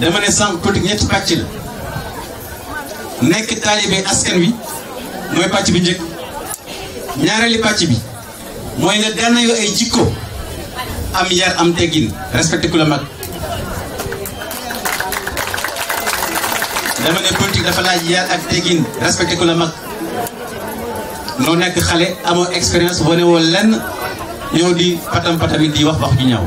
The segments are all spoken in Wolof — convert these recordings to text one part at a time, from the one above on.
dama ne sànq politique ñetti pàcc la nekk taalibe askan wi mooy pàcc bi njëkk ñaareeli pàcc bi mooy nga gànnaayoo ay jikko am yar am teggin respecté ku la mag dama ak teggin respecté ku la mag noo nekk xale amoo expérience boo ne woo lenn ñëw di patam patam di wax wax ju ñaaw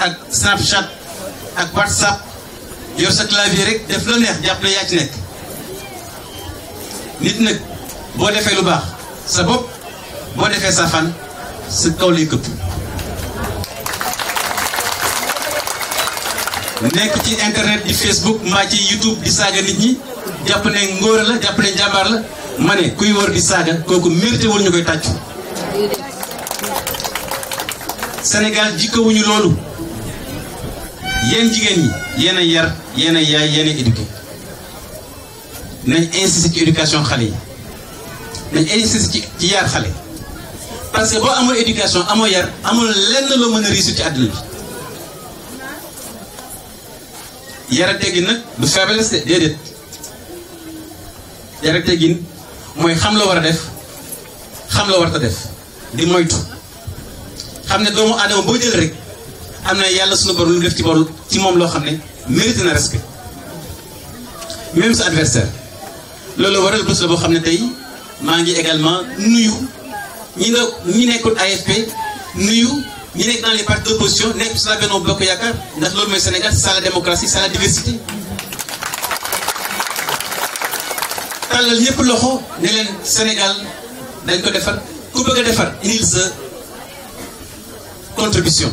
ak Snapchat ak WhatsApp yor sa clavier rek def la neex jàpp la yaa ci nit nag boo defee lu baax sa bopp boo defee sa fan sa kaw lay këpp nekk ci internet di Facebook mbaa ci YouTube di saaga nit ñi jàpp ne ngóor la jàpp ne jàmbaar la ma ne kuy wër di saaga kooku mérité wul ñu koy tàccu Sénégal jikkawuñu loolu yéen jigéen yi yenn a yar yéen a yaay yéen a nañ insisté ci éducation xale yi nañ insisté ci ci xale parce que boo amul éducation amoo yar amul lenn loo mën a réussir ci àdduna bi yara a nag du faiblesse de déedéet yar a mooy xam la war a def xam la war ta def di moytu xam ne doomu aadama boo jël rek. am na yàlla suñu borom lu def ci moom ci moom loo xam ne mérite na respect même sa adversaire loolu waral bés la boo xam ne tey maa ngi également nuyu ñi nga ñi nekkul AFP nuyu ñi nekk dans les partis d'opposition nekk ci la Benno Bokk Yaakaar ndax loolu mooy Sénégal c'est ça la démocratie c'est ça la diversité tàllal ñëpp loxo ne leen Sénégal dañ ko defar ku bëgg a defar indil sa contribution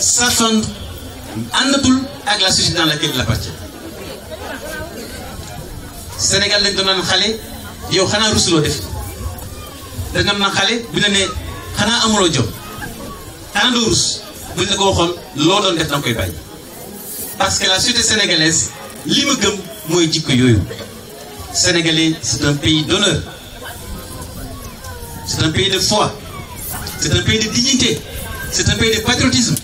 Ça s'affronte àndatul avec la société dans laquelle il appartient Sénégal dañ doon naan xale yow xanaa rusuloo def dañ doon naan xale bu ne nee xanaa amuloo jom xanaa doo rus bu ñu la ko waxoon loo doon def danga de bàyyi parce que la société sénégalaise li ma gëm mooy que yooyu Sénégalais c'est un pays d'honneur c'est un pays de foi c'est un pays de dignité c'est un pays de patriotisme